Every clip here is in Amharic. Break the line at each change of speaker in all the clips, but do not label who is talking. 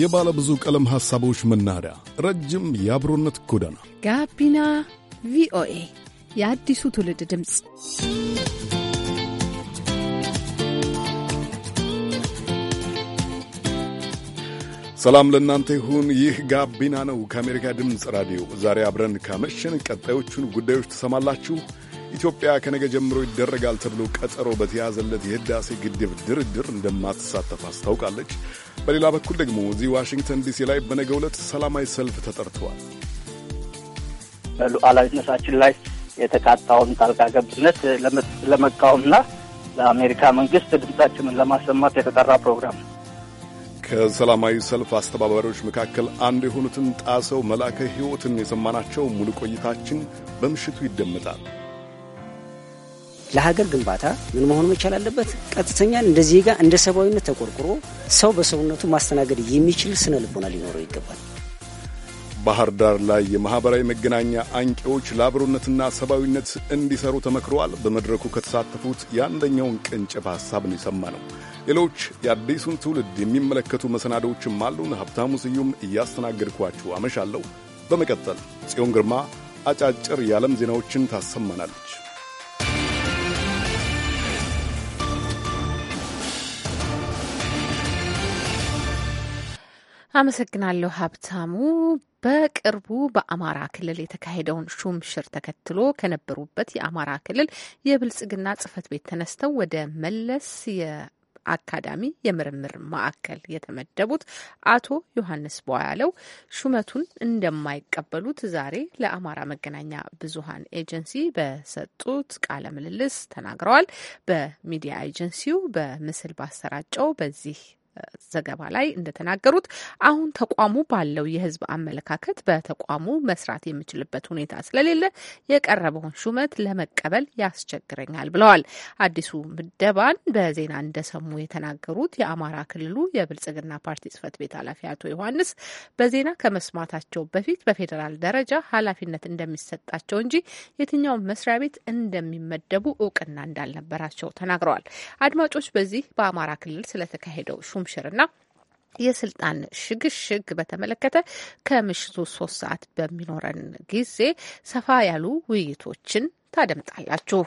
የባለ ብዙ ቀለም ሐሳቦች መናኸሪያ፣ ረጅም የአብሮነት ጎዳና
ጋቢና ቪኦኤ የአዲሱ ትውልድ ድምፅ።
ሰላም ለእናንተ ይሁን። ይህ ጋቢና ነው ከአሜሪካ ድምፅ ራዲዮ። ዛሬ አብረን ካመሸን ቀጣዮቹን ጉዳዮች ትሰማላችሁ። ኢትዮጵያ ከነገ ጀምሮ ይደረጋል ተብሎ ቀጠሮ በተያዘለት የህዳሴ ግድብ ድርድር እንደማትሳተፍ አስታውቃለች። በሌላ በኩል ደግሞ እዚህ ዋሽንግተን ዲሲ ላይ በነገ ዕለት ሰላማዊ ሰልፍ ተጠርተዋል። በሉዓላዊነታችን ላይ
የተቃጣውን ጣልቃ ገብነት ለመቃወምና ለአሜሪካ መንግስት ድምጻችንን ለማሰማት የተጠራ ፕሮግራም ነው።
ከሰላማዊ ሰልፍ አስተባባሪዎች መካከል አንዱ የሆኑትን ጣሰው መላከ ሕይወትን የሰማናቸው ሙሉ ቆይታችን በምሽቱ ይደመጣል። ለሀገር ግንባታ ምን መሆኑ መቻል አለበት? ቀጥተኛ እንደ
ዜጋ እንደ ሰብአዊነት ተቆርቁሮ ሰው በሰውነቱ ማስተናገድ የሚችል ስነ ልቦና ሊኖረው ይገባል።
ባህር ዳር ላይ የማኅበራዊ መገናኛ አንቂዎች ለአብሮነትና ሰብአዊነት እንዲሰሩ ተመክረዋል። በመድረኩ ከተሳተፉት የአንደኛውን ቅንጭብ ሐሳብ ነው የሰማ ነው። ሌሎች የአዲሱን ትውልድ የሚመለከቱ መሰናዶዎችም አሉን። ሀብታሙ ስዩም እያስተናገድኳችሁ አመሻለሁ። በመቀጠል ጽዮን ግርማ አጫጭር የዓለም ዜናዎችን ታሰማናለች።
አመሰግናለሁ ሀብታሙ። በቅርቡ በአማራ ክልል የተካሄደውን ሹምሽር ተከትሎ ከነበሩበት የአማራ ክልል የብልጽግና ጽህፈት ቤት ተነስተው ወደ መለስ የአካዳሚ የምርምር ማዕከል የተመደቡት አቶ ዮሐንስ በያለው ሹመቱን እንደማይቀበሉት ዛሬ ለአማራ መገናኛ ብዙሃን ኤጀንሲ በሰጡት ቃለ ምልልስ ተናግረዋል። በሚዲያ ኤጀንሲው በምስል ባሰራጨው በዚህ ዘገባ ላይ እንደተናገሩት አሁን ተቋሙ ባለው የህዝብ አመለካከት በተቋሙ መስራት የምችልበት ሁኔታ ስለሌለ የቀረበውን ሹመት ለመቀበል ያስቸግረኛል ብለዋል። አዲሱ ምደባን በዜና እንደሰሙ የተናገሩት የአማራ ክልሉ የብልጽግና ፓርቲ ጽህፈት ቤት ኃላፊ አቶ ዮሐንስ በዜና ከመስማታቸው በፊት በፌዴራል ደረጃ ኃላፊነት እንደሚሰጣቸው እንጂ የትኛውን መስሪያ ቤት እንደሚመደቡ እውቅና እንዳልነበራቸው ተናግረዋል። አድማጮች በዚህ በአማራ ክልል ስለተካሄደው ሹምሽርና የስልጣን ሽግሽግ በተመለከተ ከምሽቱ ሶስት ሰዓት በሚኖረን ጊዜ ሰፋ ያሉ ውይይቶችን ታደምጣላችሁ።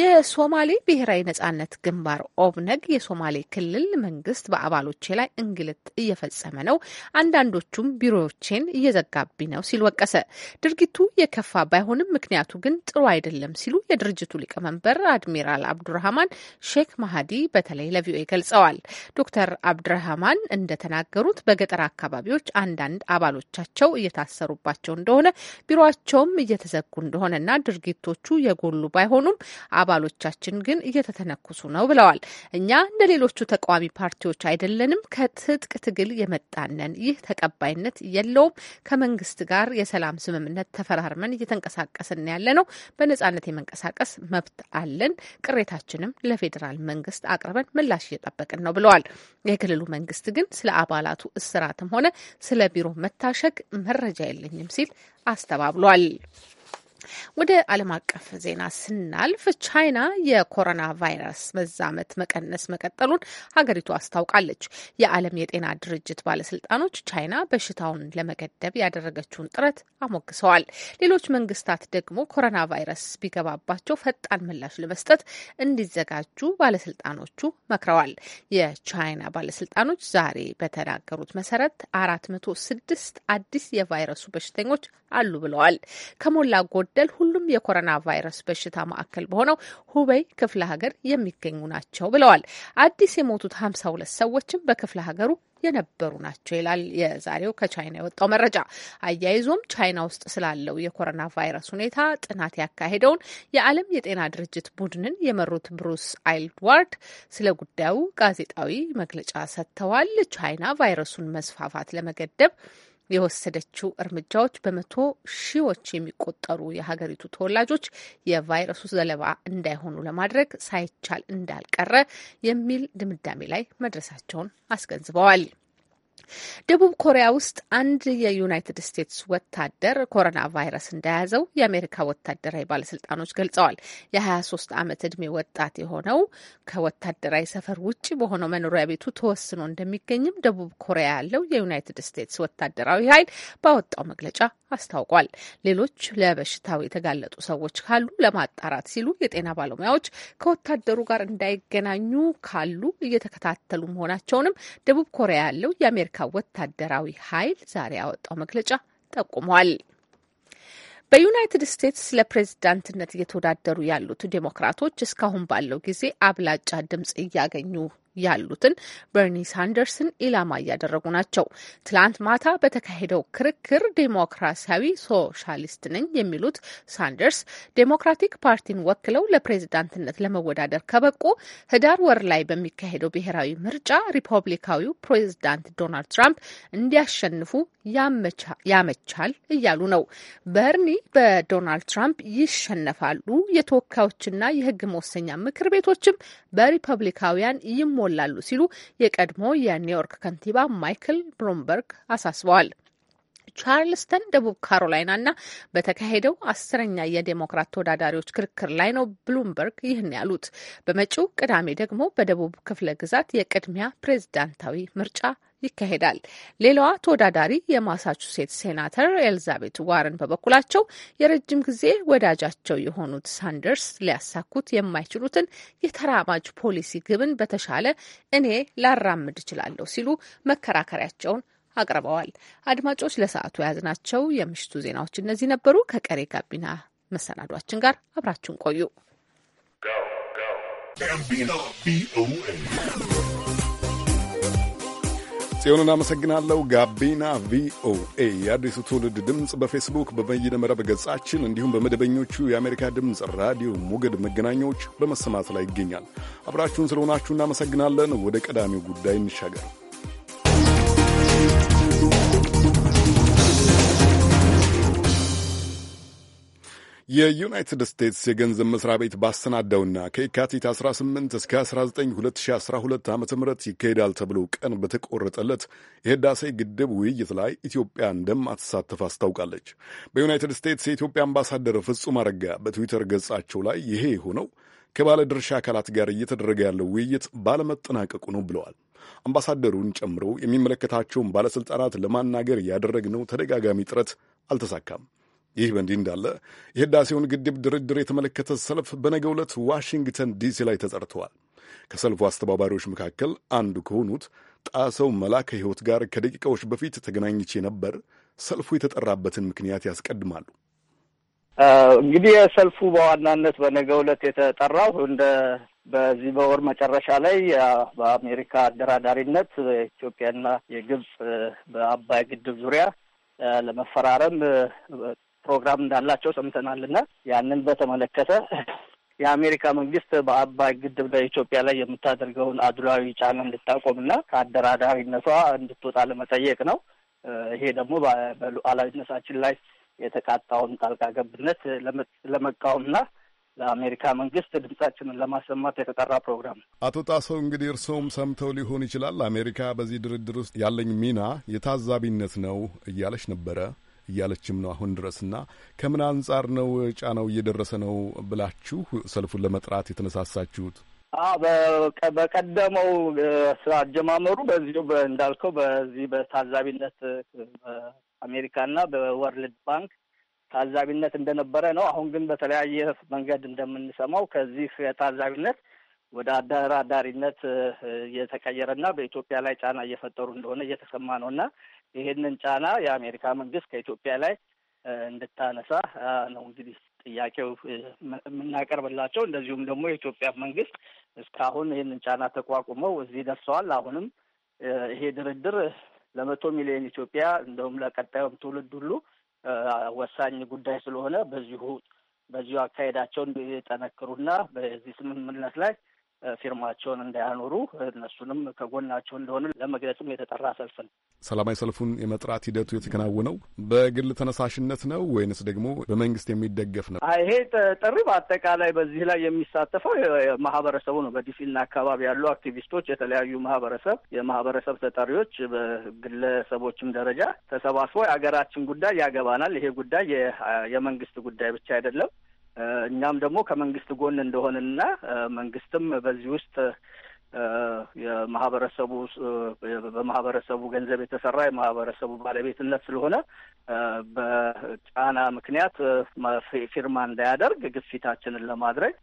የሶማሌ ብሔራዊ ነጻነት ግንባር ኦብነግ የሶማሌ ክልል መንግስት በአባሎቼ ላይ እንግልት እየፈጸመ ነው፣ አንዳንዶቹም ቢሮዎቼን እየዘጋቢ ነው ሲል ወቀሰ። ድርጊቱ የከፋ ባይሆንም ምክንያቱ ግን ጥሩ አይደለም ሲሉ የድርጅቱ ሊቀመንበር አድሚራል አብዱራህማን ሼክ ማሃዲ በተለይ ለቪኦኤ ገልጸዋል። ዶክተር አብዱራህማን እንደተናገሩት በገጠር አካባቢዎች አንዳንድ አባሎቻቸው እየታሰሩባቸው እንደሆነ ቢሮቸውም እየተዘጉ እንደሆነና ድርጊቶቹ የጎሉ ባይሆኑም አባሎቻችን ግን እየተተነኩሱ ነው ብለዋል። እኛ እንደ ሌሎቹ ተቃዋሚ ፓርቲዎች አይደለንም። ከትጥቅ ትግል የመጣነን። ይህ ተቀባይነት የለውም። ከመንግስት ጋር የሰላም ስምምነት ተፈራርመን እየተንቀሳቀስን ያለ ነው። በነጻነት የመንቀሳቀስ መብት አለን። ቅሬታችንም ለፌዴራል መንግስት አቅርበን ምላሽ እየጠበቅን ነው ብለዋል። የክልሉ መንግስት ግን ስለ አባላቱ እስራትም ሆነ ስለ ቢሮ መታሸግ መረጃ የለኝም ሲል አስተባብሏል። ወደ ዓለም አቀፍ ዜና ስናልፍ ቻይና የኮሮና ቫይረስ መዛመት መቀነስ መቀጠሉን ሀገሪቱ አስታውቃለች። የዓለም የጤና ድርጅት ባለስልጣኖች ቻይና በሽታውን ለመገደብ ያደረገችውን ጥረት አሞግሰዋል። ሌሎች መንግስታት ደግሞ ኮሮና ቫይረስ ቢገባባቸው ፈጣን ምላሽ ለመስጠት እንዲዘጋጁ ባለስልጣኖቹ መክረዋል። የቻይና ባለስልጣኖች ዛሬ በተናገሩት መሰረት አራት መቶ ስድስት አዲስ የቫይረሱ በሽተኞች አሉ ብለዋል። ከሞላ ጎ ጎደል ሁሉም የኮሮና ቫይረስ በሽታ ማዕከል በሆነው ሁበይ ክፍለ ሀገር የሚገኙ ናቸው ብለዋል። አዲስ የሞቱት ሀምሳ ሁለት ሰዎችም በክፍለ ሀገሩ የነበሩ ናቸው ይላል የዛሬው ከቻይና የወጣው መረጃ። አያይዞም ቻይና ውስጥ ስላለው የኮሮና ቫይረስ ሁኔታ ጥናት ያካሄደውን የዓለም የጤና ድርጅት ቡድንን የመሩት ብሩስ አይልድዋርድ ስለ ጉዳዩ ጋዜጣዊ መግለጫ ሰጥተዋል። ቻይና ቫይረሱን መስፋፋት ለመገደብ የወሰደችው እርምጃዎች በመቶ ሺዎች የሚቆጠሩ የሀገሪቱ ተወላጆች የቫይረሱ ዘለባ እንዳይሆኑ ለማድረግ ሳይቻል እንዳልቀረ የሚል ድምዳሜ ላይ መድረሳቸውን አስገንዝበዋል። ደቡብ ኮሪያ ውስጥ አንድ የዩናይትድ ስቴትስ ወታደር ኮሮና ቫይረስ እንደያዘው የአሜሪካ ወታደራዊ ባለስልጣኖች ገልጸዋል። የ23 ዓመት ዕድሜ ወጣት የሆነው ከወታደራዊ ሰፈር ውጭ በሆነው መኖሪያ ቤቱ ተወስኖ እንደሚገኝም ደቡብ ኮሪያ ያለው የዩናይትድ ስቴትስ ወታደራዊ ኃይል ባወጣው መግለጫ አስታውቋል። ሌሎች ለበሽታው የተጋለጡ ሰዎች ካሉ ለማጣራት ሲሉ የጤና ባለሙያዎች ከወታደሩ ጋር እንዳይገናኙ ካሉ እየተከታተሉ መሆናቸውንም ደቡብ ኮሪያ ያለው የአሜሪካ ወታደራዊ ኃይል ዛሬ ያወጣው መግለጫ ጠቁሟል። በዩናይትድ ስቴትስ ለፕሬዝዳንትነት እየተወዳደሩ ያሉት ዴሞክራቶች እስካሁን ባለው ጊዜ አብላጫ ድምጽ እያገኙ ያሉትን በርኒ ሳንደርስን ኢላማ እያደረጉ ናቸው። ትላንት ማታ በተካሄደው ክርክር ዴሞክራሲያዊ ሶሻሊስት ነኝ የሚሉት ሳንደርስ ዴሞክራቲክ ፓርቲን ወክለው ለፕሬዝዳንትነት ለመወዳደር ከበቁ ህዳር ወር ላይ በሚካሄደው ብሔራዊ ምርጫ ሪፐብሊካዊው ፕሬዝዳንት ዶናልድ ትራምፕ እንዲያሸንፉ ያመቻል እያሉ ነው። በርኒ በዶናልድ ትራምፕ ይሸነፋሉ፣ የተወካዮችና የህግ መወሰኛ ምክር ቤቶችም በሪፐብሊካውያን ይሞ ይሞላሉ ሲሉ የቀድሞ የኒውዮርክ ከንቲባ ማይክል ብሉምበርግ አሳስበዋል። ቻርልስተን፣ ደቡብ ካሮላይና እና በተካሄደው አስረኛ የዴሞክራት ተወዳዳሪዎች ክርክር ላይ ነው ብሉምበርግ ይህን ያሉት። በመጪው ቅዳሜ ደግሞ በደቡብ ክፍለ ግዛት የቅድሚያ ፕሬዝዳንታዊ ምርጫ ይካሄዳል። ሌላዋ ተወዳዳሪ የማሳቹሴት ሴናተር ኤልዛቤት ዋረን በበኩላቸው የረጅም ጊዜ ወዳጃቸው የሆኑት ሳንደርስ ሊያሳኩት የማይችሉትን የተራማጅ ፖሊሲ ግብን በተሻለ እኔ ላራምድ እችላለሁ ሲሉ መከራከሪያቸውን አቅርበዋል። አድማጮች ለሰዓቱ የያዝናቸው የምሽቱ ዜናዎች እነዚህ ነበሩ። ከቀሬ ጋቢና መሰናዷችን ጋር አብራችሁን ቆዩ።
ጽዮን እናመሰግናለሁ። ጋቢና ቪኦኤ የአዲሱ ትውልድ ድምፅ በፌስቡክ በበይነ መረብ ገጻችን እንዲሁም በመደበኞቹ የአሜሪካ ድምፅ ራዲዮ ሞገድ መገናኛዎች በመሰማት ላይ ይገኛል። አብራችሁን ስለሆናችሁ እናመሰግናለን። ወደ ቀዳሚው ጉዳይ እንሻገር። የዩናይትድ ስቴትስ የገንዘብ መስሪያ ቤት ባሰናዳውና ከየካቲት 18 እስከ 19 2012 ዓ ም ይካሄዳል ተብሎ ቀን በተቆረጠለት የህዳሴ ግድብ ውይይት ላይ ኢትዮጵያ እንደማትሳተፍ አስታውቃለች። በዩናይትድ ስቴትስ የኢትዮጵያ አምባሳደር ፍጹም አረጋ በትዊተር ገጻቸው ላይ ይሄ የሆነው ከባለ ድርሻ አካላት ጋር እየተደረገ ያለው ውይይት ባለመጠናቀቁ ነው ብለዋል። አምባሳደሩን ጨምሮ የሚመለከታቸውን ባለሥልጣናት ለማናገር ያደረግነው ተደጋጋሚ ጥረት አልተሳካም። ይህ በእንዲህ እንዳለ የህዳሴውን ግድብ ድርድር የተመለከተ ሰልፍ በነገ ዕለት ዋሽንግተን ዲሲ ላይ ተጠርተዋል። ከሰልፉ አስተባባሪዎች መካከል አንዱ ከሆኑት ጣሰው መላከ ሕይወት ጋር ከደቂቃዎች በፊት ተገናኝቼ ነበር። ሰልፉ የተጠራበትን ምክንያት ያስቀድማሉ።
እንግዲህ የሰልፉ በዋናነት በነገ ዕለት የተጠራው እንደ በዚህ በወር መጨረሻ ላይ በአሜሪካ አደራዳሪነት በኢትዮጵያና የግብፅ በአባይ ግድብ ዙሪያ ለመፈራረም ፕሮግራም እንዳላቸው ሰምተናል እና ያንን በተመለከተ የአሜሪካ መንግስት በአባይ ግድብ ላይ ላይ የምታደርገውን አድሏዊ ጫና እንድታቆምና ከአደራዳሪነቷ እንድትወጣ ለመጠየቅ ነው። ይሄ ደግሞ በሉዓላዊነታችን ላይ የተቃጣውን ጣልቃ ገብነት ለመቃወምና ለአሜሪካ መንግስት ድምጻችንን ለማሰማት የተጠራ ፕሮግራም
አቶ ጣሰው እንግዲህ እርስዎም ሰምተው ሊሆን ይችላል። አሜሪካ በዚህ ድርድር ውስጥ ያለኝ ሚና የታዛቢነት ነው እያለች ነበረ። እያለችም ነው አሁን ድረስና ከምን አንጻር ነው ጫናው እየደረሰ ነው ብላችሁ ሰልፉን ለመጥራት የተነሳሳችሁት?
በቀደመው ስራ አጀማመሩ በዚሁ እንዳልከው በዚህ በታዛቢነት በአሜሪካና በወርልድ ባንክ ታዛቢነት እንደነበረ ነው። አሁን ግን በተለያየ መንገድ እንደምንሰማው ከዚህ ታዛቢነት ወደ አደራዳሪነት እየተቀየረና በኢትዮጵያ ላይ ጫና እየፈጠሩ እንደሆነ እየተሰማ ነው እና ይሄንን ጫና የአሜሪካ መንግስት ከኢትዮጵያ ላይ እንድታነሳ ነው እንግዲህ ጥያቄው የምናቀርብላቸው። እንደዚሁም ደግሞ የኢትዮጵያ መንግስት እስካሁን ይህንን ጫና ተቋቁመው እዚህ ደርሰዋል። አሁንም ይሄ ድርድር ለመቶ ሚሊዮን ኢትዮጵያ እንደውም ለቀጣዩም ትውልድ ሁሉ ወሳኝ ጉዳይ ስለሆነ በዚሁ በዚሁ አካሄዳቸውን የጠነክሩና በዚህ ስምምነት ላይ ፊርማቸውን እንዳያኖሩ እነሱንም ከጎናቸው እንደሆኑ ለመግለጽም የተጠራ ሰልፍ ነው።
ሰላማዊ ሰልፉን የመጥራት ሂደቱ የተከናወነው በግል ተነሳሽነት ነው ወይንስ ደግሞ በመንግስት የሚደገፍ ነው?
ይሄ ጥሪ በአጠቃላይ በዚህ ላይ የሚሳተፈው ማህበረሰቡ ነው። በዲፊልና አካባቢ ያሉ አክቲቪስቶች፣ የተለያዩ ማህበረሰብ የማህበረሰብ ተጠሪዎች በግለሰቦችም ደረጃ ተሰባስበው የሀገራችን ጉዳይ ያገባናል፣ ይሄ ጉዳይ የመንግስት ጉዳይ ብቻ አይደለም እኛም ደግሞ ከመንግስት ጎን እንደሆንና መንግስትም በዚህ ውስጥ የማህበረሰቡ በማህበረሰቡ ገንዘብ የተሰራ የማህበረሰቡ ባለቤትነት ስለሆነ በጫና ምክንያት ፊርማ እንዳያደርግ ግፊታችንን ለማድረግ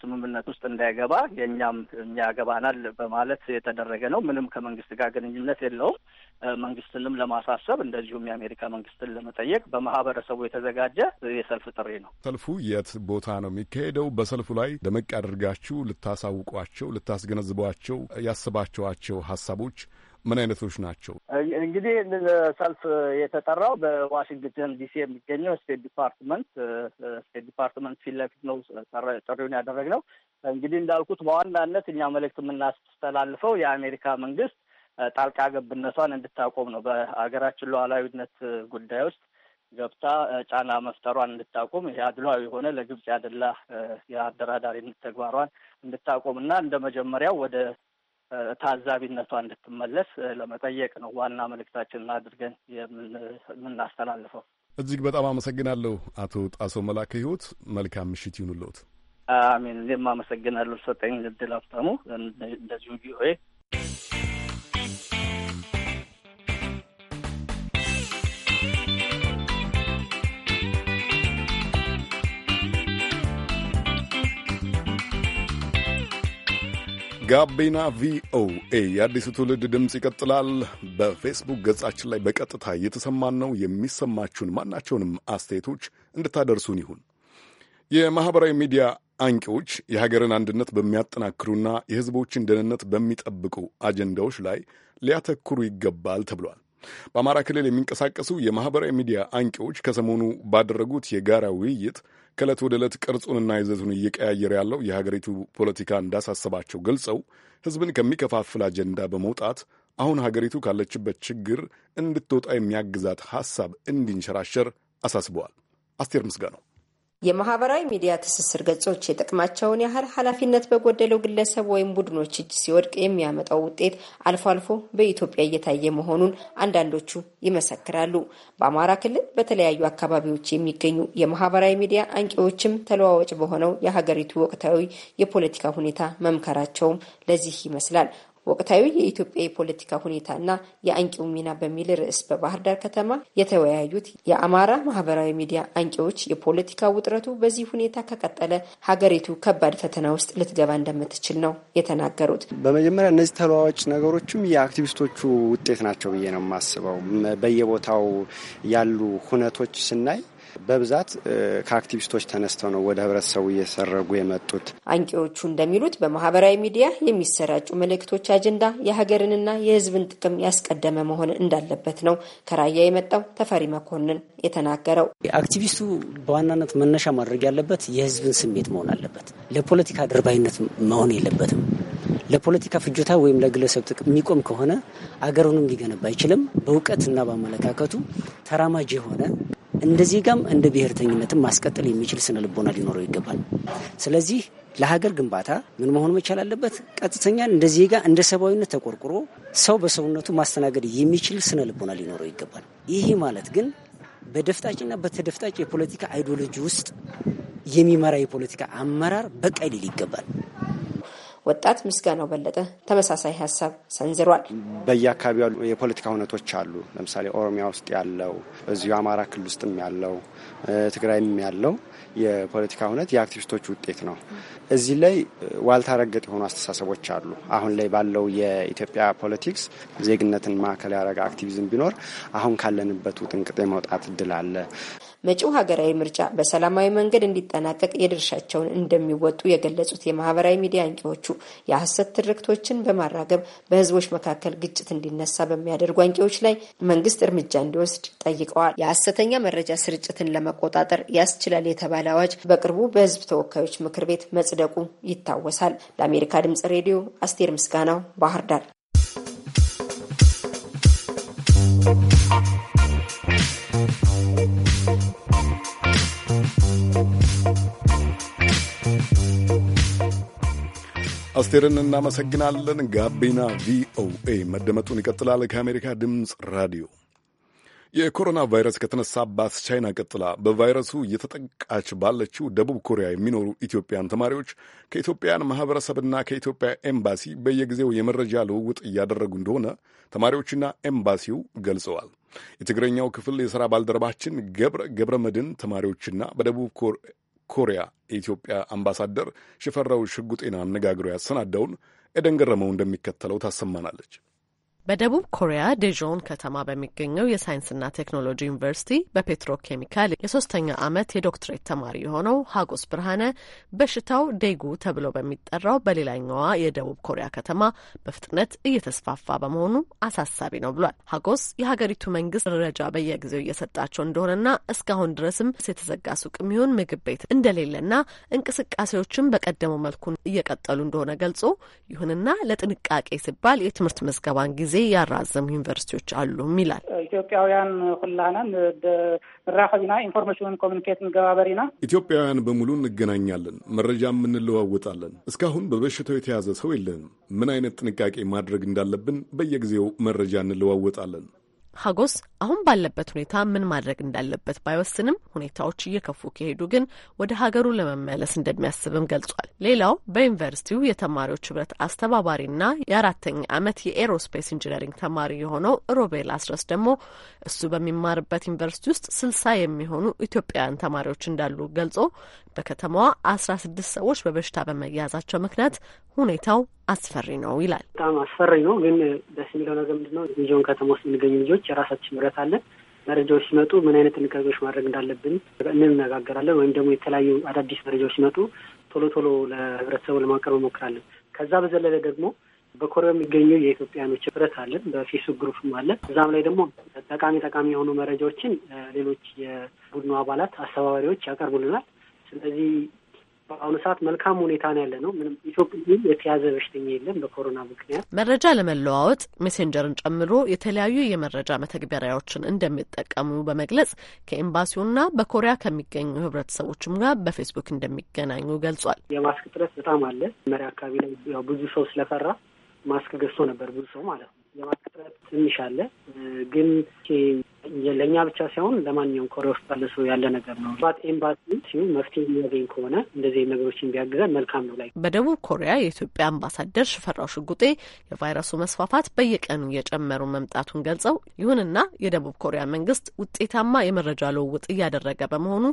ስምምነት ውስጥ እንዳይገባ የእኛም እኛ ያገባናል በማለት የተደረገ ነው። ምንም ከመንግስት ጋር ግንኙነት የለውም። መንግስትንም ለማሳሰብ እንደዚሁም የአሜሪካ መንግስትን ለመጠየቅ በማህበረሰቡ የተዘጋጀ የሰልፍ ጥሪ ነው።
ሰልፉ የት ቦታ ነው የሚካሄደው? በሰልፉ ላይ ደመቅ አድርጋችሁ ልታሳውቋቸው፣ ልታስገነዝቧቸው ያስባቸዋቸው ሀሳቦች ምን አይነቶች ናቸው?
እንግዲህ ሰልፍ የተጠራው በዋሽንግተን ዲሲ የሚገኘው ስቴት ዲፓርትመንት ስቴት ዲፓርትመንት ፊት ለፊት ነው ጥሪውን ያደረግነው። እንግዲህ እንዳልኩት በዋናነት እኛ መልእክት የምናስተላልፈው የአሜሪካ መንግስት ጣልቃ ገብነቷን እንድታቆም ነው። በሀገራችን ሉዓላዊነት ጉዳይ ውስጥ ገብታ ጫና መፍጠሯን እንድታቆም፣ ይሄ አድሏዊ የሆነ ለግብጽ ያደላ የአደራዳሪነት ተግባሯን እንድታቆም እና እንደ መጀመሪያው ወደ ታዛቢነቷ እንድትመለስ ለመጠየቅ ነው ዋና መልእክታችንን አድርገን የምናስተላልፈው።
እጅግ በጣም አመሰግናለሁ አቶ ጣሶ መላከ ህይወት። መልካም ምሽት ይሁንልዎት።
አሜን። እኔም አመሰግናለሁ ሰጠኝ እድል ሀብታሙ፣ እንደዚሁ ቪኦኤ
ጋቢና ቪኦኤ የአዲሱ ትውልድ ድምፅ ይቀጥላል። በፌስቡክ ገጻችን ላይ በቀጥታ እየተሰማን ነው። የሚሰማችሁን ማናቸውንም አስተያየቶች እንድታደርሱን ይሁን። የማኅበራዊ ሚዲያ አንቂዎች የሀገርን አንድነት በሚያጠናክሩና የሕዝቦችን ደህንነት በሚጠብቁ አጀንዳዎች ላይ ሊያተኩሩ ይገባል ተብሏል። በአማራ ክልል የሚንቀሳቀሱ የማኅበራዊ ሚዲያ አንቂዎች ከሰሞኑ ባደረጉት የጋራ ውይይት ከእለት ወደ ዕለት ቅርጹንና ይዘቱን እየቀያየረ ያለው የሀገሪቱ ፖለቲካ እንዳሳሰባቸው ገልጸው ሕዝብን ከሚከፋፍል አጀንዳ በመውጣት አሁን ሀገሪቱ ካለችበት ችግር እንድትወጣ የሚያግዛት ሐሳብ እንዲንሸራሸር አሳስበዋል። አስቴር ምስጋ ነው
የማህበራዊ ሚዲያ ትስስር ገጾች የጥቅማቸውን ያህል ኃላፊነት በጎደለው ግለሰብ ወይም ቡድኖች እጅ ሲወድቅ የሚያመጣው ውጤት አልፎ አልፎ በኢትዮጵያ እየታየ መሆኑን አንዳንዶቹ ይመሰክራሉ። በአማራ ክልል በተለያዩ አካባቢዎች የሚገኙ የማህበራዊ ሚዲያ አንቂዎችም ተለዋዋጭ በሆነው የሀገሪቱ ወቅታዊ የፖለቲካ ሁኔታ መምከራቸውም ለዚህ ይመስላል። ወቅታዊ የኢትዮጵያ የፖለቲካ ሁኔታና የአንቂው ሚና በሚል ርዕስ በባህር ዳር ከተማ የተወያዩት የአማራ ማህበራዊ ሚዲያ አንቂዎች የፖለቲካ ውጥረቱ በዚህ ሁኔታ ከቀጠለ ሀገሪቱ ከባድ ፈተና ውስጥ ልትገባ እንደምትችል ነው የተናገሩት። በመጀመሪያ እነዚህ ተለዋዋጭ ነገሮችም የአክቲቪስቶቹ ውጤት ናቸው ብዬ ነው የማስበው። በየቦታው ያሉ ሁነቶች ስናይ በብዛት ከአክቲቪስቶች ተነስተው ነው ወደ ህብረተሰቡ እየሰረጉ የመጡት። አንቂዎቹ እንደሚሉት በማህበራዊ ሚዲያ የሚሰራጩ መልእክቶች አጀንዳ የሀገርንና የህዝብን ጥቅም ያስቀደመ መሆን እንዳለበት ነው ከራያ የመጣው ተፈሪ መኮንን የተናገረው።
አክቲቪስቱ በዋናነት መነሻ ማድረግ ያለበት የህዝብን ስሜት መሆን አለበት። ለፖለቲካ ደርባይነት መሆን የለበትም። ለፖለቲካ ፍጆታ ወይም ለግለሰብ ጥቅም የሚቆም ከሆነ አገሩንም ሊገነባ አይችልም። በእውቀትና በአመለካከቱ ተራማጅ የሆነ እንደ ዜጋም እንደ ብሔርተኝነትም ማስቀጠል የሚችል ስነ ልቦና ሊኖረው ይገባል። ስለዚህ ለሀገር ግንባታ ምን መሆን መቻል አለበት? ቀጥተኛ እንደ ዜጋ እንደ ሰብአዊነት ተቆርቁሮ ሰው በሰውነቱ ማስተናገድ የሚችል ስነ ልቦና ሊኖረው ይገባል። ይሄ ማለት ግን በደፍጣጭና በተደፍጣጭ የፖለቲካ አይዲዮሎጂ ውስጥ የሚመራ
የፖለቲካ አመራር በቃይ ሊል ይገባል። ወጣት ምስጋናው በለጠ ተመሳሳይ ሀሳብ ሰንዝሯል። በየአካባቢ ያሉ የፖለቲካ እውነቶች አሉ። ለምሳሌ ኦሮሚያ ውስጥ ያለው፣ እዚሁ አማራ ክልል ውስጥም ያለው፣ ትግራይም ያለው የፖለቲካ እውነት የአክቲቪስቶች ውጤት ነው። እዚህ ላይ ዋልታ ረገጥ የሆኑ አስተሳሰቦች አሉ። አሁን ላይ ባለው የኢትዮጵያ ፖለቲክስ ዜግነትን ማዕከል ያደረገ አክቲቪዝም ቢኖር አሁን ካለንበት ውጥንቅጥ የመውጣት እድል አለ። መጪው ሀገራዊ ምርጫ በሰላማዊ መንገድ እንዲጠናቀቅ የድርሻቸውን እንደሚወጡ የገለጹት የማህበራዊ ሚዲያ አንቂዎቹ የሐሰት ትርክቶችን በማራገብ በህዝቦች መካከል ግጭት እንዲነሳ በሚያደርጉ አንቂዎች ላይ መንግስት እርምጃ እንዲወስድ ጠይቀዋል። የሐሰተኛ መረጃ ስርጭትን ለመቆጣጠር ያስችላል የተባለ የሚል አዋጅ በቅርቡ በህዝብ ተወካዮች ምክር ቤት መጽደቁ ይታወሳል። ለአሜሪካ ድምጽ ሬዲዮ አስቴር ምስጋናው ባህር ዳር።
አስቴርን እናመሰግናለን። ጋቢና ቪኦኤ መደመጡን ይቀጥላል። ከአሜሪካ ድምፅ ራዲዮ የኮሮና ቫይረስ ከተነሳባት ቻይና ቀጥላ በቫይረሱ እየተጠቃች ባለችው ደቡብ ኮሪያ የሚኖሩ ኢትዮጵያን ተማሪዎች ከኢትዮጵያን ማህበረሰብና ከኢትዮጵያ ኤምባሲ በየጊዜው የመረጃ ልውውጥ እያደረጉ እንደሆነ ተማሪዎችና ኤምባሲው ገልጸዋል። የትግረኛው ክፍል የሥራ ባልደረባችን ገብረ ገብረ መድን ተማሪዎችና በደቡብ ኮሪያ የኢትዮጵያ አምባሳደር ሽፈራው ሽጉጤን አነጋግሮ ያሰናዳውን ኤደን ገረመው እንደሚከተለው ታሰማናለች።
በደቡብ ኮሪያ ዴጆን ከተማ በሚገኘው የሳይንስና ቴክኖሎጂ ዩኒቨርሲቲ በፔትሮኬሚካል የሶስተኛ ዓመት የዶክትሬት ተማሪ የሆነው ሀጎስ ብርሃነ በሽታው ዴጉ ተብሎ በሚጠራው በሌላኛዋ የደቡብ ኮሪያ ከተማ በፍጥነት እየተስፋፋ በመሆኑ አሳሳቢ ነው ብሏል። ሀጎስ የሀገሪቱ መንግስት ደረጃ በየጊዜው እየሰጣቸው እንደሆነና እስካሁን ድረስም የተዘጋ ሱቅ የሚሆን ምግብ ቤት እንደሌለና እንቅስቃሴዎችን በቀደመው መልኩ እየቀጠሉ እንደሆነ ገልጾ ይሁንና ለጥንቃቄ ሲባል የትምህርት መዝገባን ጊዜ ጊዜ ያራዘሙ ዩኒቨርሲቲዎች አሉም ይላል።
ኢትዮጵያውያን
ሁላነን ራኸቢና ኢንፎርሜሽን ኮሚኒኬት ንገባበሪና
ኢትዮጵያውያን በሙሉ እንገናኛለን፣ መረጃም እንለዋወጣለን። እስካሁን በበሽታው የተያዘ ሰው የለንም። ምን አይነት ጥንቃቄ ማድረግ እንዳለብን በየጊዜው መረጃ እንለዋወጣለን።
ሀጎስ አሁን ባለበት ሁኔታ ምን ማድረግ እንዳለበት ባይወስንም ሁኔታዎች እየከፉ ከሄዱ ግን ወደ ሀገሩ ለመመለስ እንደሚያስብም ገልጿል። ሌላው በዩኒቨርሲቲው የተማሪዎች ህብረት አስተባባሪና የአራተኛ ዓመት የኤሮስፔስ ኢንጂነሪንግ ተማሪ የሆነው ሮቤል አስረስ ደግሞ እሱ በሚማርበት ዩኒቨርሲቲ ውስጥ ስልሳ የሚሆኑ ኢትዮጵያውያን ተማሪዎች እንዳሉ ገልጾ በከተማዋ አስራ ስድስት ሰዎች በበሽታ በመያዛቸው ምክንያት ሁኔታው አስፈሪ ነው ይላል።
በጣም አስፈሪ ነው። ግን ደስ የሚለው ነገር ምንድነው? ሚጆን ከተማ ውስጥ የሚገኙ ልጆች የራሳችን ንብረት አለን። መረጃዎች ሲመጡ ምን አይነት ጥንቃቄዎች ማድረግ እንዳለብን እንነጋገራለን። ወይም ደግሞ የተለያዩ አዳዲስ መረጃዎች ሲመጡ ቶሎ ቶሎ ለህብረተሰቡ ለማቅረብ እንሞክራለን። ከዛ በዘለለ ደግሞ በኮሪያ የሚገኙ የኢትዮጵያኖች ህብረት አለን። በፌስቡክ ግሩፕም አለን። እዛም ላይ ደግሞ ጠቃሚ ጠቃሚ የሆኑ መረጃዎችን ሌሎች የቡድኑ አባላት አስተባባሪዎች ያቀርቡልናል። ስለዚህ በአሁኑ ሰዓት መልካም ሁኔታ ነው ያለ ነው። ምንም ኢትዮጵያ የተያዘ በሽተኛ የለም በኮሮና ምክንያት።
መረጃ ለመለዋወጥ ሜሴንጀርን ጨምሮ የተለያዩ የመረጃ መተግበሪያዎችን እንደሚጠቀሙ በመግለጽ ከኤምባሲውና በኮሪያ ከሚገኙ ህብረተሰቦችም ጋር በፌስቡክ እንደሚገናኙ ገልጿል።
የማስክ ጥረት በጣም አለ። መሪያ አካባቢ ላይ ያው ብዙ ሰው ስለፈራ ማስክ ገዝቶ ነበር ብዙ ሰው ማለት ነው። የማስክ ጥረት ትንሽ አለ ግን ለእኛ ብቻ ሳይሆን ለማንኛውም ኮሪያ ውስጥ ባለ ሰው ያለ ነገር ነው። ባት ኤምባሲ መፍትሄ የሚያገኝ ከሆነ እንደዚህ ነገሮችን ቢያግዘን መልካም ነው።
ላይ በደቡብ ኮሪያ የኢትዮጵያ አምባሳደር ሽፈራው ሽጉጤ የቫይረሱ መስፋፋት በየቀኑ እየጨመሩ መምጣቱን ገልጸው ይሁንና የደቡብ ኮሪያ መንግስት ውጤታማ የመረጃ ልውውጥ እያደረገ በመሆኑ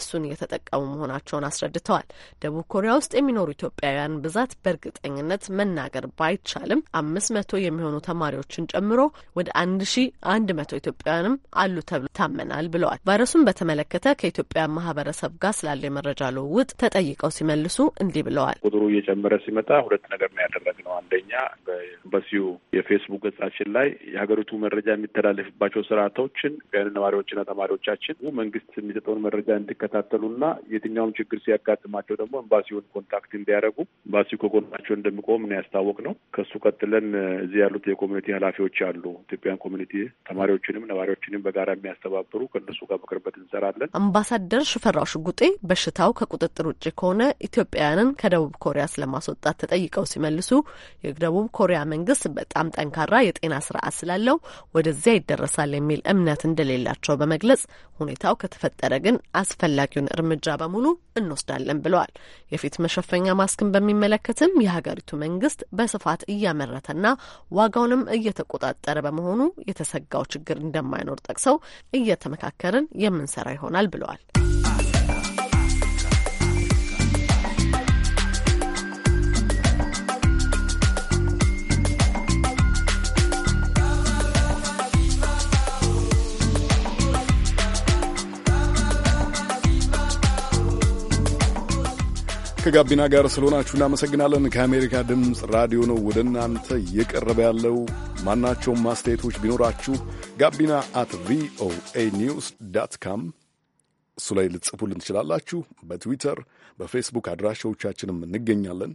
እሱን እየተጠቀሙ መሆናቸውን አስረድተዋል። ደቡብ ኮሪያ ውስጥ የሚኖሩ ኢትዮጵያውያን ብዛት በእርግጠኝነት መናገር ባይቻልም አምስት መቶ የሚሆኑ ተማሪዎችን ጨምሮ ወደ አንድ ሺ አንድ መቶ ኢትዮጵያውያንም አሉ ተብሎ ይታመናል ብለዋል። ቫይረሱን በተመለከተ ከኢትዮጵያ ማህበረሰብ ጋር ስላለ የመረጃ ልውውጥ ተጠይቀው ሲመልሱ እንዲህ ብለዋል።
ቁጥሩ እየጨመረ ሲመጣ ሁለት ነገር ነው ያደረግነው። አንደኛ በኤምባሲው የፌስቡክ ገጻችን ላይ የሀገሪቱ መረጃ የሚተላለፍባቸው ስርዓቶችን ኢትዮጵያውያን ነዋሪዎችና ተማሪዎቻችን መንግስት የሚሰጠውን መረጃ እንዲከታተሉና የትኛውም ችግር ሲያጋጥማቸው ደግሞ ኤምባሲውን ኮንታክት እንዲያደርጉ ኤምባሲው ከጎናቸው እንደሚቆም ነው ያስታወቅ ነው። ከሱ ቀጥለን እዚህ ያሉት የኮሚኒቲ ኃላፊዎች አሉ ኢትዮጵያን ኮሚኒቲ ተማሪዎችንም ነዋሪዎች ስራዎችንም በጋራ
የሚያስተባብሩ ከእነሱ ጋር በቅርበት እንሰራለን።
አምባሳደር ሽፈራው ሽጉጤ በሽታው ከቁጥጥር ውጭ ከሆነ ኢትዮጵያውያንን ከደቡብ ኮሪያ ስለማስወጣት ተጠይቀው ሲመልሱ የደቡብ ኮሪያ መንግስት በጣም ጠንካራ የጤና ስርዓት ስላለው ወደዚያ ይደረሳል የሚል እምነት እንደሌላቸው በመግለጽ ሁኔታው ከተፈጠረ ግን አስፈላጊውን እርምጃ በሙሉ እንወስዳለን ብለዋል። የፊት መሸፈኛ ማስክን በሚመለከትም የሀገሪቱ መንግስት በስፋት እያመረተና ዋጋውንም እየተቆጣጠረ በመሆኑ የተሰጋው ችግር እንደማይኖር እንደሚኖር ጠቅሰው እየተመካከርን የምንሰራ ይሆናል ብለዋል።
ከጋቢና ጋር ስለሆናችሁ እናመሰግናለን። ከአሜሪካ ድምፅ ራዲዮ ነው ወደ እናንተ እየቀረበ ያለው። ማናቸውም ማስተያየቶች ቢኖራችሁ ጋቢና አት ቪኦኤ ኒውስ ዳት ካም እሱ ላይ ልጽፉልን ትችላላችሁ። በትዊተር በፌስቡክ አድራሻዎቻችንም እንገኛለን።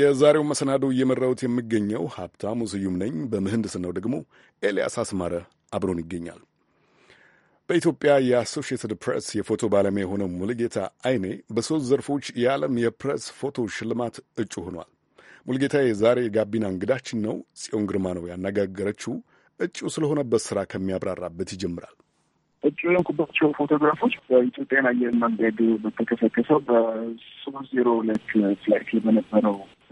የዛሬው መሰናዶ እየመራሁት የምገኘው ሀብታሙ ስዩም ነኝ። በምህንድስናው ደግሞ ኤልያስ አስማረ አብሮን ይገኛል። በኢትዮጵያ የአሶሺየትድ ፕሬስ የፎቶ ባለሙያ የሆነው ሙልጌታ አይኔ በሦስት ዘርፎች የዓለም የፕሬስ ፎቶ ሽልማት እጩ ሆኗል። ሙልጌታ የዛሬ የጋቢና እንግዳችን ነው። ጽዮን ግርማ ነው ያነጋገረችው። እጩ ስለሆነበት ስራ ከሚያብራራበት ይጀምራል።
እጩ የሆንኩባቸው
ፎቶግራፎች በኢትዮጵያን አየር መንገድ በተከሰከሰው በሶስት
ዜሮ ሁለት ፍላይት ላይ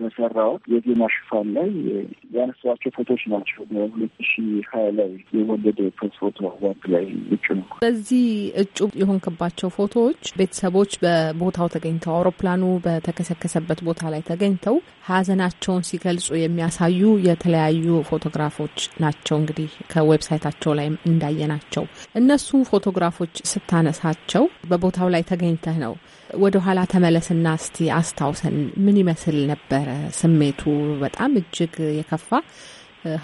በሰራው የዜና ሽፋን ላይ ያነሷቸው ፎቶች ናቸው። በሁለት ሺ ሀያ ላይ የወለደ ፕሬስ ፎቶ አዋርድ ላይ እጩ
ነው። በዚህ እጩ የሆንክባቸው ፎቶዎች ቤተሰቦች በቦታው ተገኝተው አውሮፕላኑ በተከሰከሰበት ቦታ ላይ ተገኝተው ሀዘናቸውን ሲገልጹ የሚያሳዩ የተለያዩ ፎቶግራፎች ናቸው። እንግዲህ ከዌብሳይታቸው ላይ እንዳየናቸው እነሱ ፎቶግራፎች ስታነሳቸው በቦታው ላይ ተገኝተህ ነው ወደ ኋላ ተመለስና እስቲ አስታውሰን፣ ምን ይመስል ነበረ ስሜቱ? በጣም እጅግ የከፋ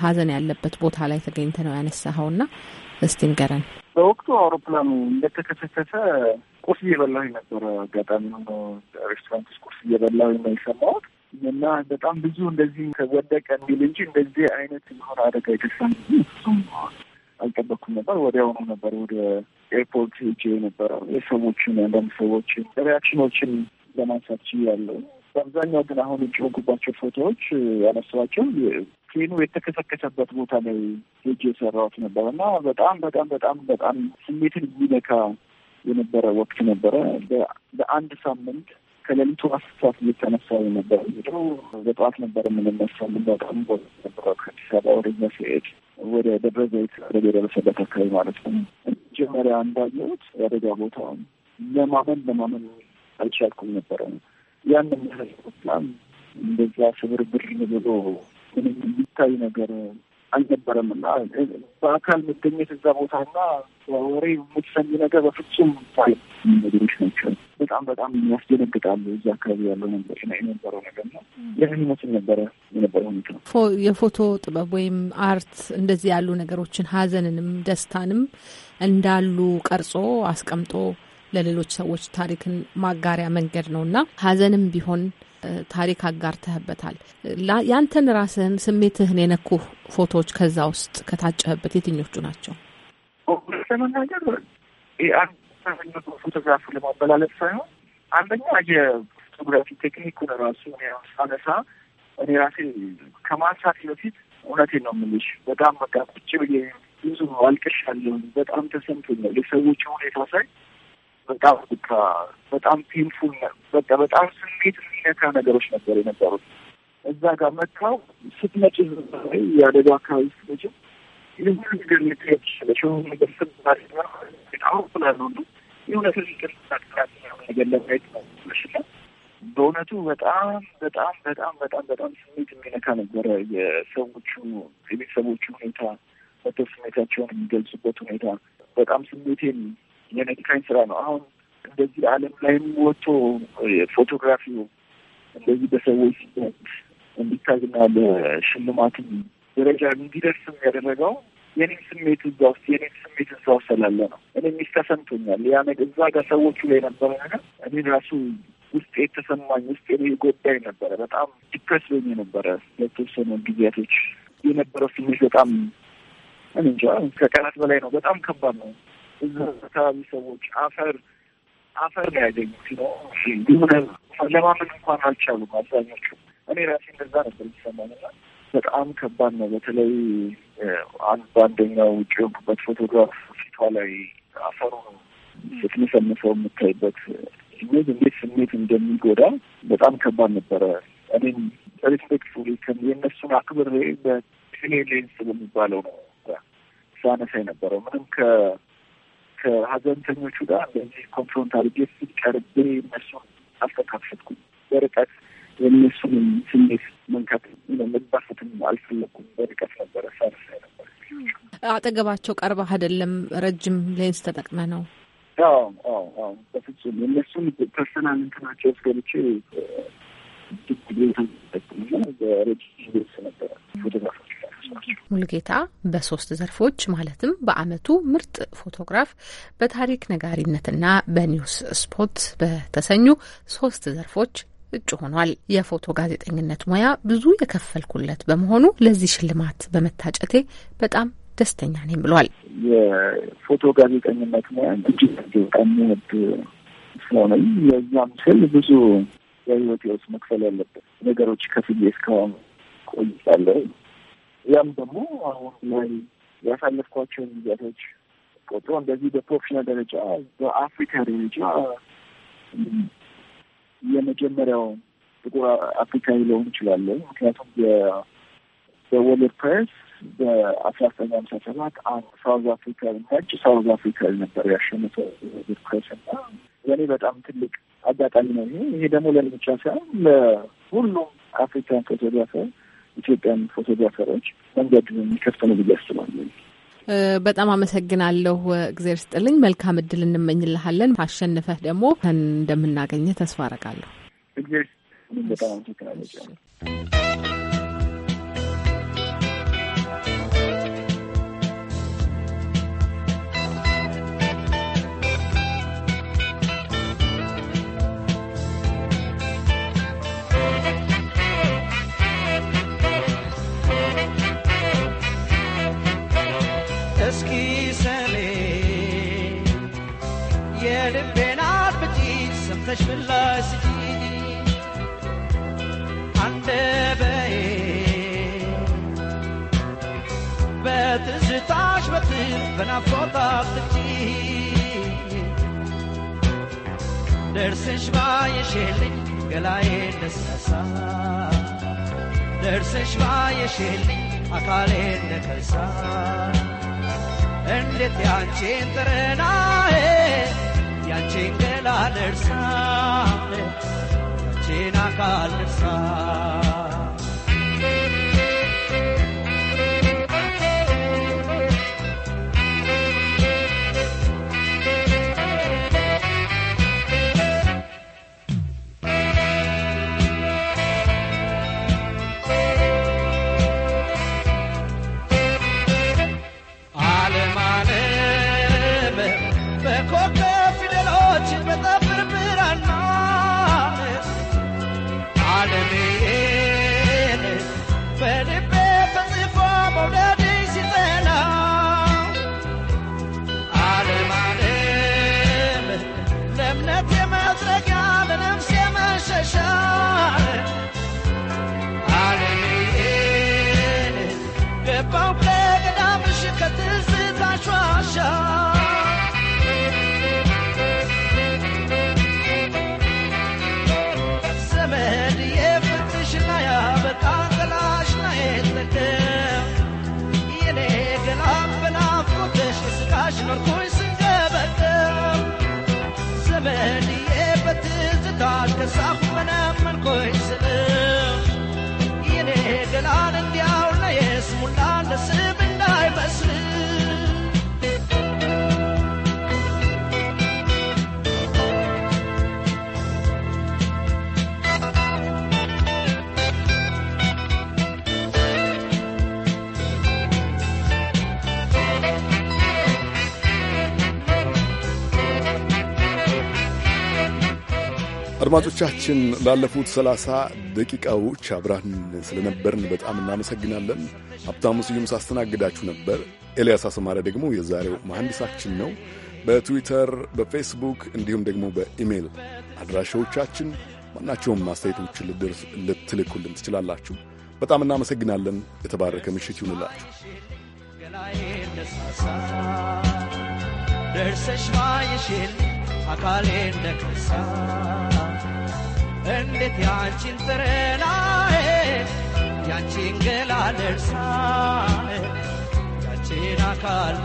ሀዘን ያለበት ቦታ ላይ ተገኝተ ነው ያነሳኸው ያነሳኸውና እስቲ ንገረን። በወቅቱ
አውሮፕላኑ እንደተከሰከሰ ቁርስ እየበላሁ ነበረ። አጋጣሚ ሬስቶራንት ውስጥ ቁርስ እየበላሁ ነው የሰማሁት እና በጣም ብዙ እንደዚህ ከወደቀ የሚል እንጂ እንደዚህ አይነት የሆነ አደጋ የደሳ እሱም አልጠበኩም ነበር። ወዲያውኑ ነበር ወደ ኤርፖርት ሄጄ ነበረ የሰዎችን አንዳንድ ሰዎችን ሪያክሽኖችን ለማንሳት ች ያለው በአብዛኛው ግን አሁን የጮህኩባቸው ፎቶዎች ያነሳኋቸው ፕሌኑ የተከሰከሰበት ቦታ ላይ ሄጄ የሰራሁት ነበር እና በጣም በጣም በጣም በጣም ስሜትን የሚነካ የነበረ ወቅት ነበረ። በአንድ ሳምንት ከሌሊቱ አስር ሰዓት እየተነሳ ነበር። ሄደው በጠዋት ነበር የምንነሳ የምንወጣ ነበረ ከአዲስ አበባ ወደኛ ሲሄድ ወደ ደብረ ዘይት አደጋ የደረሰበት አካባቢ ማለት ነው። መጀመሪያ እንዳየሁት የአደጋ ቦታውን ለማመን ለማመን አልቻልኩም ነበረ። ያንን ያህል በጣም እንደዚያ ስብርብር ብሎ ምንም የሚታይ ነገር አልነበረም እና በአካል መገኘት እዛ ቦታ ቦታና ወሬ የምትሰሚ ነገር በፍጹም ታይ ነገሮች ናቸው። በጣም በጣም የሚያስደነግጣሉ። እዚ አካባቢ ያለው የነበረው ነገር ነው። ይህን ይመስል ነበረ የነበረ
ሁኔታ። የፎቶ ጥበብ ወይም አርት እንደዚህ ያሉ ነገሮችን ሀዘንንም ደስታንም እንዳሉ ቀርጾ አስቀምጦ ለሌሎች ሰዎች ታሪክን ማጋሪያ መንገድ ነው እና ሀዘንም ቢሆን ታሪክ አጋርተህበታል። ያንተን ራስህን ስሜትህን የነኩ ፎቶዎች ከዛ ውስጥ ከታጨህበት የትኞቹ ናቸው?
ፎቶግራፉ ለማበላለት ሳይሆን አንደኛ የፎቶግራፊ ቴክኒኩን ራሱ ሳነሳ እኔ ራሴ ከማንሳት በፊት እውነቴን ነው የምልሽ በጣም በቃ ቁጭ ብዬ ብዙ አልቅሻለሁ። በጣም ተሰምቶኛል። የሰዎች ሁኔታ ሳይ በጣም በቃ በጣም ፔንፉል በቃ በጣም ስሜት የሚነካ ነገሮች ነበር የነበሩት። እዛ ጋር መታው ስትመጭ የአደጋ አካባቢ ስትመጭ ይህ ሁሉ ነገር ልታየት ይችላለች። የሆኑ ነገር ስባሁ ስላለ ሁሉ የሆነ ትልቅር ነገር ለማየት ነው ሽና በእውነቱ በጣም በጣም በጣም በጣም በጣም ስሜት የሚነካ ነበረ። የሰዎቹ የቤተሰቦቹ ሁኔታ መተው ስሜታቸውን የሚገልጹበት ሁኔታ በጣም ስሜቴን የነካኝ ስራ ነው። አሁን እንደዚህ ዓለም ላይም ወጥቶ ፎቶግራፊው እንደዚህ በሰዎች እንዲታይና ለሽልማትም ደረጃ እንዲደርስም ያደረገው የኔም ስሜት እዛ ውስጥ የኔም ስሜት እዛ ውስጥ ስላለ ነው። እኔ ሚስ ተሰምቶኛል። ያ ነገር እዛ ጋር ሰዎቹ ላይ ነበረ ነገር እኔ ራሱ ውስጤ የተሰማኝ ውስጤ ጎዳኝ ነበረ። በጣም ዲፕረስ በኝ ነበረ ለተወሰኑ ጊዜያቶች የነበረው ስሜት በጣም እንጃ ከቀናት በላይ ነው። በጣም ከባድ ነው። እዛ አካባቢ ሰዎች አፈር አፈር ነው ያገኙት ነው ለማመን እንኳን አልቻሉም አብዛኞቹ። እኔ ራሴ እንደዛ ነበር የሚሰማኝ እና በጣም ከባድ ነው። በተለይ በአንደኛው ውጭ የወጡበት ፎቶግራፍ ፊቷ ላይ አፈሩ ስትመሰምሰው የምታይበት ስሜት እንዴት ስሜት እንደሚጎዳ በጣም ከባድ ነበረ። እኔም ሬስፔክትፉሊ የእነሱን አክብሬ በቴሌ ሌንስ በሚባለው ነው ሳነሳ የነበረው ምንም ከሀዘንተኞቹ ጋር በዚህ ኮንፍሮንት አድርጌ ቀርቤ እነሱን አልተካፈትኩም። በርቀት የእነሱን ስሜት መንካት መባሰትም አልፈለኩም። በርቀት ነበረ ሳርሳ ነበር።
አጠገባቸው ቀርበህ አይደለም፣ ረጅም ሌንስ ተጠቅመ ነው።
በፍጹም የእነሱን ፐርሰናል እንትናቸው እስገብቼ ድግ ቤት ጠቅሙ በረጅም ሌንስ ነበረ ፎቶግራፍ
ሙልጌታ በሶስት ዘርፎች ማለትም በአመቱ ምርጥ ፎቶግራፍ፣ በታሪክ ነጋሪነትና በኒውስ ስፖት በተሰኙ ሶስት ዘርፎች እጩ ሆኗል። የፎቶ ጋዜጠኝነት ሙያ ብዙ የከፈልኩለት በመሆኑ ለዚህ ሽልማት በመታጨቴ በጣም ደስተኛ ነኝ ብሏል። የፎቶ ጋዜጠኝነት
ሙያ እጅግ በጣም ስለሆነኝ የዛ ምስል ብዙ የህይወት ውስጥ መክፈል ያለበት ነገሮች ከፍዬ እስካሁን ቆይቻለሁ። ያም ደግሞ አሁን ላይ ያሳለፍኳቸውን ጊዜያቶች ቆጥሮ እንደዚህ በፕሮፌሽናል ደረጃ በአፍሪካ ደረጃ የመጀመሪያውን ጥቁር አፍሪካዊ ሊሆን እችላለሁ። ምክንያቱም በወርልድ ፕሬስ በአስራ ዘጠኝ ሀምሳ ሰባት አንድ ሳውዝ አፍሪካ ነጭ ሳውዝ አፍሪካ ነበር ያሸነፈው ወርልድ ፕሬስ እና ለእኔ በጣም ትልቅ አጋጣሚ ነው ይሄ። ይሄ ደግሞ ለእኔ ብቻ ሳይሆን ለሁሉም አፍሪካን ፎቶግራፈር ኢትዮጵያን ፎቶግራፈሮች መንገድ የሚከፍት ነው ብዬ አስባለሁ።
በጣም አመሰግናለሁ። እግዜር ስጥልኝ። መልካም እድል እንመኝልሃለን። አሸንፈህ ደግሞ እንደምናገኘ ተስፋ አረጋለሁ።
እግዜር በጣም አመሰግናለሁ።
በናፍቆት አትግጪ ደርሰሽ ባየሽልኝ ገላዬ ነሳሳ ደርሰሽ ባየሽልኝ አካሌ ነከሳ እንዴት ያንቺን ጥረናዬ ያንቺን ገላ ደርሳ ያንቺን አካል ደርሳ Essa
አድማጮቻችን ላለፉት ሰላሳ ደቂቃዎች አብራን ስለነበርን በጣም እናመሰግናለን። ሀብታሙ ስዩም ሳስተናግዳችሁ ነበር። ኤልያስ አስማረ ደግሞ የዛሬው መሐንዲሳችን ነው። በትዊተር በፌስቡክ እንዲሁም ደግሞ በኢሜይል አድራሻዎቻችን ማናቸውም ልድርስ ልትልኩልን ትችላላችሁ። በጣም እናመሰግናለን። የተባረከ ምሽት ይሁንላችሁ።
ደርሰሽ ማየሽል አካሌ እንደከሳ እንዴት ያንቺን ጥረናዬ ያንቺን ገላ ደርሳኔ ያንቺን አካል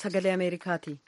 Sagalee ameerikaati.